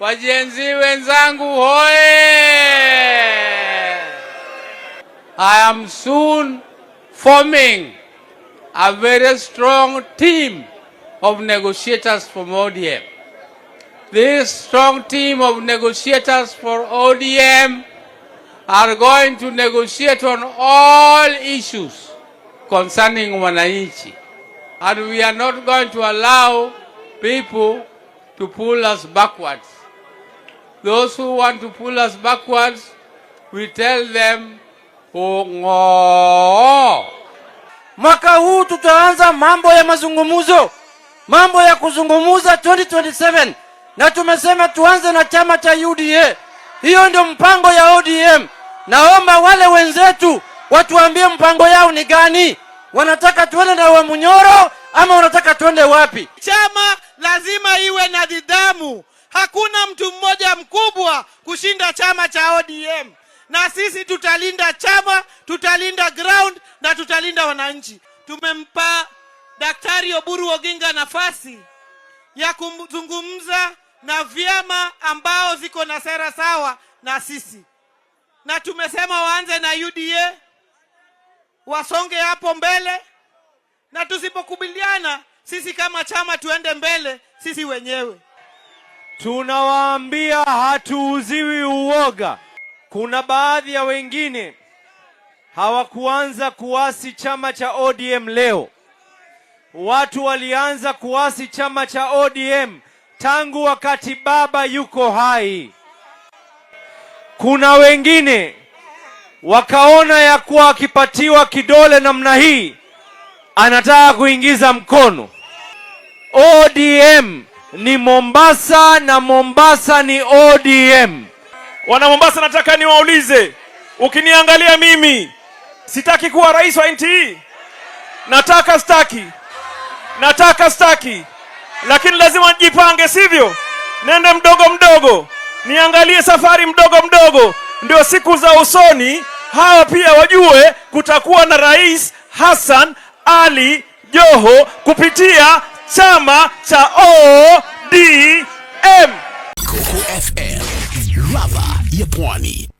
Wajenzi wenzangu hoye! I am soon forming a very strong team of negotiators from ODM. This strong team of negotiators for ODM are going to negotiate on all issues concerning wananchi. And we are not going to allow people to pull us backwards. Those who want to pull us backwards, we tell them ung'oo. Mwaka huu tutaanza mambo ya mazungumzo, mambo ya kuzungumuza 2027 na tumesema tuanze na chama cha UDA. Hiyo ndio mpango ya ODM. Naomba wale wenzetu watuambie mpango yao ni gani, wanataka tuende na Wamunyoro ama wanataka tuende wapi? Chama lazima iwe na nidhamu. Hakuna mtu mmoja mkubwa kushinda chama cha ODM, na sisi tutalinda chama, tutalinda ground na tutalinda wananchi. Tumempa Daktari Oburu Oginga nafasi ya kuzungumza na vyama ambao ziko na sera sawa na sisi, na tumesema waanze na UDA wasonge hapo mbele, na tusipokubiliana sisi kama chama tuende mbele sisi wenyewe. Tunawaambia hatuuziwi uoga. Kuna baadhi ya wengine hawakuanza kuasi chama cha ODM leo. Watu walianza kuasi chama cha ODM tangu wakati baba yuko hai. Kuna wengine wakaona ya kuwa akipatiwa kidole namna hii anataka kuingiza mkono. ODM ni Mombasa na Mombasa ni ODM. Wana Mombasa, nataka niwaulize, ukiniangalia mimi, sitaki kuwa rais wa nchi hii? Nataka staki, nataka staki, lakini lazima nijipange, sivyo? Nende mdogo mdogo, niangalie safari mdogo mdogo, ndio siku za usoni hawa pia wajue kutakuwa na Rais Hassan Ali Joho kupitia chama cha ODM. Coco FM, ladha ya Pwani.